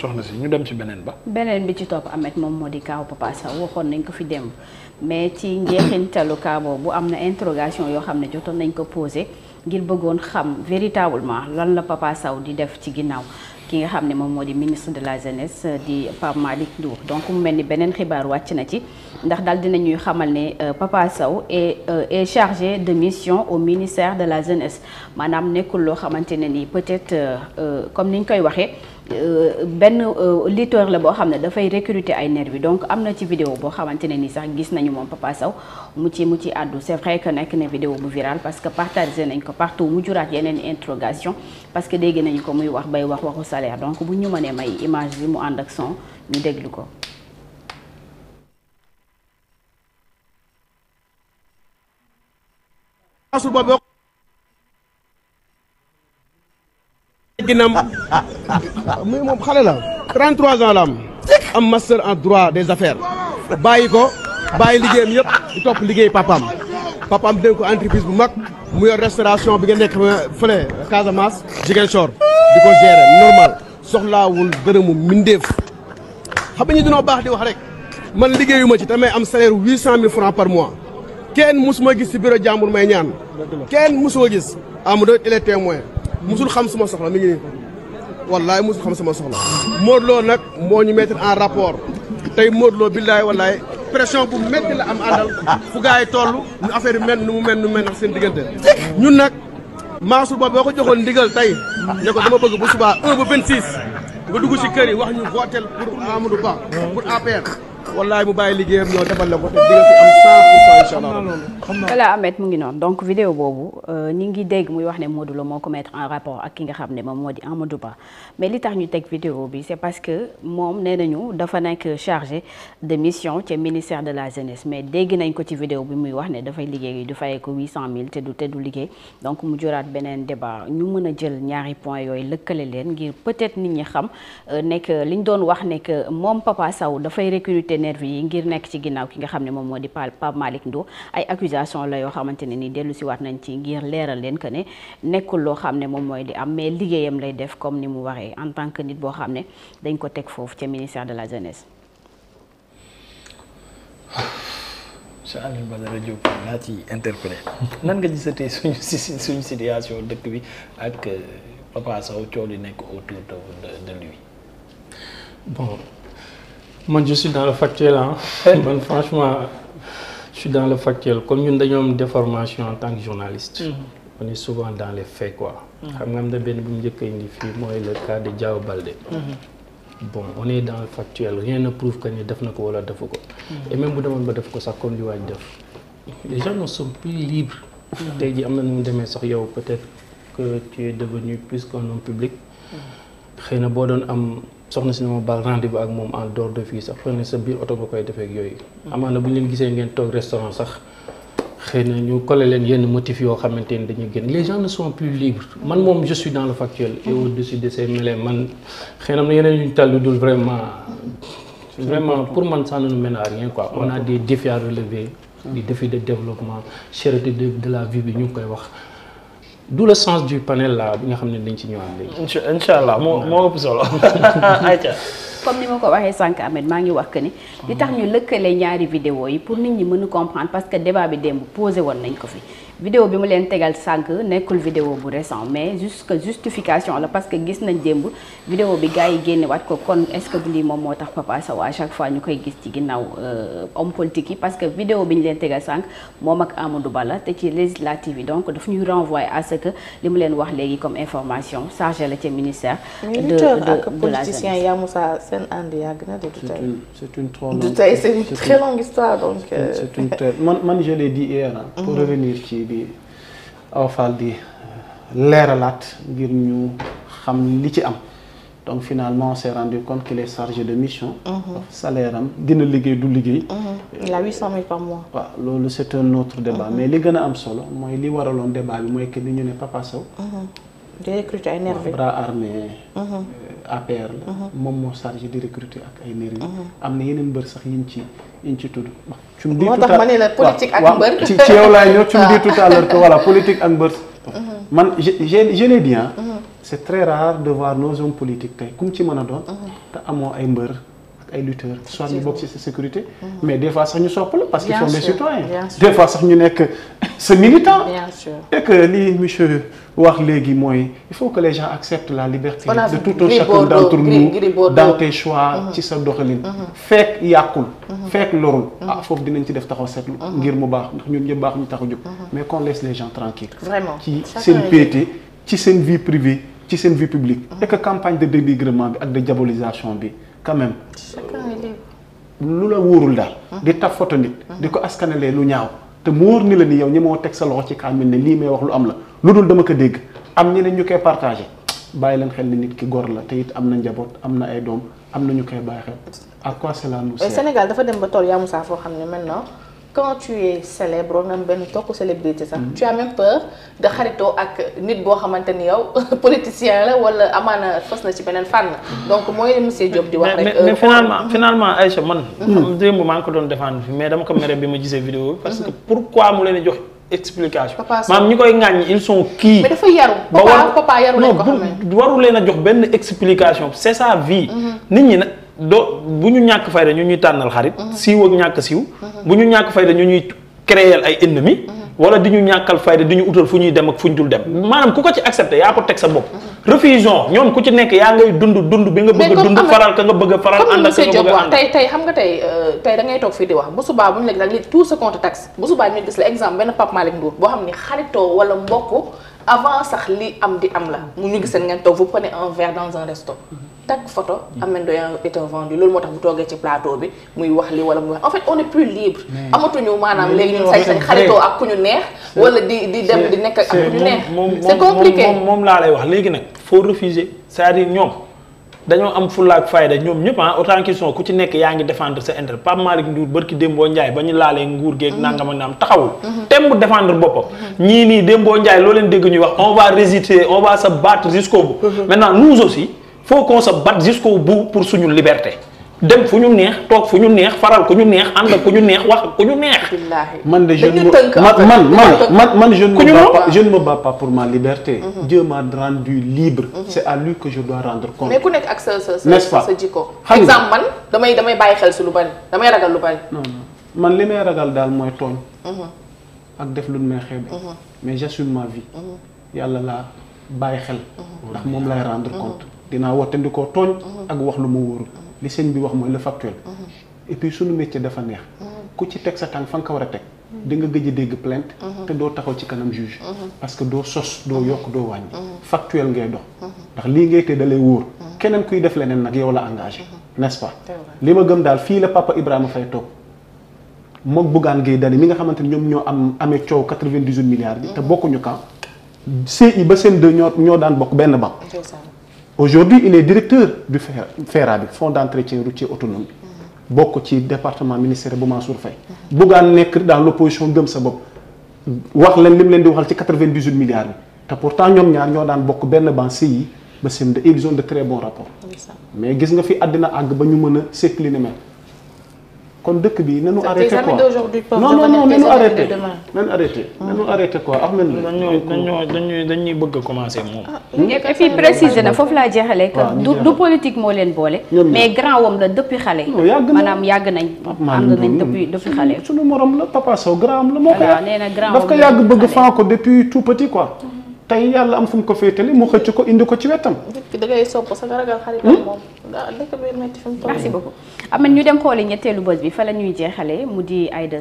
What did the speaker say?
soxna si ñu dem ci beneen ba. beneen bi ci topp Ameth moom moo di kaaw Papa Sow waxoon nañ ko fi dem mais ci njeexintalu kaa boobu am na interrogation yoo xam ne jotoon nañ ko posé ngir bëggoon xam véritablement lan la Papa saw di def ci ginnaaw. ki nga xam ne moom moo di ministre de la jeunesse di Pape Malick Ndour donc mu mel ni beneen xibaar wàcc na ci ndax daal dinañuy xamal ne euh, Papa saw et euh, est chargé de mission au ministère de la jeunesse maanaam nekkul loo xamante ne ni peut-être euh, comme ni koy waxee. Euh, benn euh, lutteur la boo xam ne dafay recruter ay nervi donc am na ci vidéo boo xamante ne nii sax gis nañu moom Papa Sow mu ci mu ci àddu c'est vrai que nekk na vidéo bu viral parce que partagé nañ ko partout mu juraat yeneen interrogation parce que dégg nañu ko muy wax bay wax waxu salaire donc bu ñu mënee may image bi mu ànd ak son ñu déglu ko. asul boobu ginam muy moom xale la 33 ans la am am master en droit des affaires bàyyi ko bàyyi liggéeyam yëpp di topp liggéey papaam papaam dénk ko entreprise bu mag mu yor restauration bi nga nekk fële Casamance Ziguinchor di ko gérer normal soxlaawul dërëmu mindeef xam nga ñu dinoo baax di wax rek man liggéeyuma ci damay am salaire huit cent mille francs par mois kenn musuma gis si bureau jàmbur may ñaan kenn musuma gis Amadou il est témoin musul xam suma soxla mi ngi nii wallaay musul xam sama soxla ah. Modou nag moo ñu mettre en rapport tey Modou Lo billaay wallaay pression bu métti la am àndal fu gars yi toll ñu affaire yu mel nu mu mel nu seen diggante ñun nag Mansour Ba boo ko joxoon ndigal tey ne ko dama bëgg bu subaa 1 ba 26 nga dugg ci kër yi wax ñu votel pour Amadou Ba pour APR wallaay mu bàyyi liggéeyam ñoo defal la ko te am 100% mu ngi noonu donc vidéo boobu ni euh, ngi dégg muy wax ne Modou moo ko mettre en rapport ak ki nga xam ne moom moo di Amadou Ba mais li tax ñu teg vidéo bi c'est parce que moom nee nañu dafa nekk chargé de mission ci ministère de la jeunesse mais dégg nañ ko ci vidéo bi muy wax ne dafay liggéey du fayee ko 800000 te du te du liggéey donc mu juraat beneen débat ñu mën a jël ñaari point yooyu lëkkale leen ngir peut-être nit ñi xam euh, nekk li ñu doon wax ne moom Papa Sow dafay recruter. nervi yi ngir nekk ci ginnaaw ki nga xam ne moom moo di pa Pape Malick ay accusation la yoo xamante ne ni dellu si waat nañ ci ngir leeral leen que ne nekkul loo xam ne moom mooy di am mais liggéeyam lay def comme ni mu waxee en tant que nit boo xam ne dañ ko teg foofu ca ministère de la jeunesse sa Alioune Badara Diop laa ci interpellé nan nga di suñu si suñu situation dëkk bi ak Papa Sow coow li nekk autour de de lui man je suis dans le factuel ah. man franchement je suis dans le factuel comme ñun dañoo am déformation en tant que journaliste. Mm. on souvent dans les faits quoi. Mm. xam nga am na benn bu mu njëkk a indi fii mooy le cas de Diao Baldé. Mm-hmm. bon on est dans le factuel rien ne que ni def na ko wala defu ko. Mm-hmm. et même bu demoon ba def ko sax comme li waaj def. les gens ne sont plus libres. Mm-hmm. tey jii am na nu mu demee sax yow peut-être que tu es devenu plus qu'un homme public. boo doon am. soxna si ne ma baal rendez-vous ak moom en dehors de fii sax xëy sa biir oto nga koy defee ak yooyu. amaana bu ñu gisee ngeen toog restaurant sax xëy na ñu collé leen yenn motifs yoo xamante ni dañuy génn les gens ne sont plus libres man moom je suis dans le factuel. et au-dessus de ces mêlées man xëy na am na yeneen yu ñu tàll dul vraiment. vraiment pour man ça ne nous mène à rien quoi. on a des défis à de développement cherté de de la vie bi ñu ngi koy wax. d'où le sens du panel là bi nga xam ne dañ ci ñëwaat léegi. incha allah moo moo ëpp solo ayca. comme ni ma ko waxee sànq Ahmed maa ngi wax que ni. li tax ñu lëkkale ñaari vidéo yi pour nit ñi mën a comprendre parce que débat bi démb posé woon nañ ko fi. vidéo bi mu leen tegal sànq nekkul vidéo bu récent mais justification la parce que gis nañ démb vidéo bi gars yi génne waat ko kon est moom moo tax Papa Sow à chaque fois ñu koy gis ci ginnaaw euh, homme politique yi parce que vidéo bi ñu leen tegal sànq moom ak Amadou Ba la te ci législative yi donc daf ñuy que li mu leen wax léegi comme information chargé la ca ministère. de seen ànd yàgg na de du tey. c'est une trop longue histoire donc. Euh, man man jëlee di dit pour mhm. revenir ci bi Awa di euh, leeralaat ngir ñu xam li ci am. donc finalement on s'est rendu compte qu'il est chargé de mission. Mhm. salaire am dina liggéey du liggéey. Mhm. il a 800000 par mois. loolu c'est un autre débat mais li gën a am solo mooy li waraloon débat bi mooy que ni ñu ne Papa Sow. day recruter APR la. Mhm. moom moo chargé di recruter ak ay nervi. Mhm. am na yeneen mbër sax yiñ ci yiñ ci tudd. moo tax ma ne la politique ak mbër ci ci laay ñëw ci mu di tout à l'heure que voilà politique ak mbër. Mhm. man je je c'est très rare de voir nos hommes politiques tey ku mu ci mën a doon. te amoo ay mbër. ay lutteurs soit ñu bokk ci sa sécurité. mais des sax ñu sopp la parce qu'ils sont des citoyens. des fois sax ñu nekk ce militant. bien sûr li monsieur wax léegi mooy il faut que les gens acceptent la liberté. de tout un chacun d'entre nous dans tes choix. Mm-hmm. ci sa doxalin. Mm-hmm. fekk yàqul. Mm-hmm. fekk lorul. ah foofu dinañ ci def taxaw seetlu. ngir mu baax ndax ñun ñëpp baax ñu taxu jóg. mais qu'on laisse les gens tranquilles ci seen piété ci seen vie privée ci seen vie publique. et que campagne de dénigrement bi ak de diabolisation bi quand même. lu la wóorul daal. di taf foto nit. di ko askanalee lu ñaaw. te mu wóor ni la ni yow ñi moo teg sa loxo ci kaamil ne lii may wax lu am la lu dul dama ko dégg am ñeneen ñu koy partage bàyyi leen xel ni nit ki gor la te it am na njaboot am na ay doom am na ñu koy bàyyi xel à quoi cela nous sert Sénégal dafa dem ba tool yaa Moussa foo xam ne maintenant quand tu es célèbre wala benn tokku célébrité sax. tu as peur de xaritoo ak nit boo xamante ni yow politicien la wala amaana fas na ci beneen fànn. donc mooy monsieur Diop di wax rek. mais euh, finalement finalement Aïcha mhm. man. démb maa ngi ko doon défendre fi mais dama ko mere bi ma que mhm. pourquoi mu leen jox explication. maam ñi koy ŋàññi ils sont kii. mais dafa yaru papa papa yaru lañ ko xamee leen a jox benn explication c'est sa vie. Mhm. nit ñi nag doo bu ñu ñàkk fayda ñu ñuy tànnal xarit. siiw ak ñàkk siiw. bu ñu ñàkk fayda ñu ñuy créer ay ennemis mhm. wala di ñu ñàkkal fayda di ñu utal fu ñuy dem ak fu ñu dul dem maanaam ku ko ci accepté yaa ko teg sa bopp mhm. refusion ñoom ku ci nekk yaa ngay dund dund bi nga bëgg dund faral ka nga bëgg a faral ànd ak ka nga bëgg a ànd tey tey xam nga tey euh, tey da ngay toog fii di wax bu subaa bu ñu léegi daal li tout ce compte taxe bu subaa ñu gis la exemple benn Pape Malick Ndour boo xam ni xaritoo wala mbokk avant sax li am di am la mu ñu gis ngeen toog vous prenez un verre takk photo mm. Ahmed Ndoye était vendu loolu moo tax bu toogee ci plateau bi muy wax li wala muy wax en fait on est plus libre amatuñu maanaam léegi laa lay wax léegi nag faut refuser c'est-à-dire ñoom dañoo am fullaak fayda ñoom ñëpp ah ku ci nekk yaa ngi défendre sa intérêt Pape Malick Ndour bërki Dembo Ndiaye ba ñu laalee nguur geeg mm-hmm. nangam ak naam taxawul mm-hmm. tem bu défendre boppam mm-hmm. ñii nii Dembo Ndiaye loo leen dégg ñuy wax on va résister on va se battre jusqu'au bout maintenant nous aussi foo qu'on se batte jusqu'au bu pour suñu liberté dem fu ñu neex toog fu ñu neex faral ku ñu neex ànd ku ñu neex wax ku ñu neex. man de jeune ne me man man man je man me bats pas je ne me bats pour ma liberté. Mhm. Dieu m'a rendu libre. Mhm. c'est à lui que je dois rendre compte. mais ku nekk ak sa sa sa jikko. exemple man damay damay bàyyi xel si lu bari damay ragal lu bari. man li may ragal daal mooy tooñ. Mhm. ak def lu may xeebe. mais j'assume ma vie. yàlla laa bàyyi xel. ndax moom lay rendre compte. dinaa wattandikoo tooñ mhm. ak wax lu ma wóorul mhm. li sëñ bi wax mooy la factuel mhm. et suñu métier dafa neex ku ci teg sa tànk fa ko war a teg di nga gëj dégg plainte te doo taxaw ci kanam juge parce que doo sos doo yokk doo wàññi factuel ngay dox ndax lii ngay te dalay wóor keneen kuy def leneen nag yow la engage n'est-ce li ma gëm daal fii la papa Ibrahima Faye toog mook Bougane Gueye Dany mi nga xamante ni ñoom ñoo am amee coow 98 milliards bi te bokkuñu camp CI ba seen ñoo ñoo daan benn banque aujourd'hui il est directeur du FERA e bi fonds d'entretien routier autonome bi bokk ci département ministère bu Mansour Faye buggaan nekk dans l'opposition gëm sa bopp wax leen li leen di waxal ci 98 milliards bi te pourtant ñoom ñaar ñoo daan bokk benn ban yi ba seen de ils ont de très bons mais gis nga fi àddina àgg ba ñu mën a sécliner mel kon dëkk bii nañu arrêté quoi non non non nañu arrêté nañu arrêté nañu arrêté quoi Ahmed bëgg a commencé moom. Ah, hmm? et puis précisé na foofu laa jeexalee que du politique moo leen boole. mais grand wam la depuis xale. maanaam yàgg nañ. ànd nañ depuis depuis xale. suñu morom la Papa Sow grand am la moo ko yàgg daf ko yàgg bëgg Franco depuis tout petit ko tey yàlla am fu mu ko féetale mu xëcc ko indi ko ci wetam. da ngay merci beaucoup am ñu dem xooli ñetteelu bës bi fa la ñuy jeexalee mu di Aïda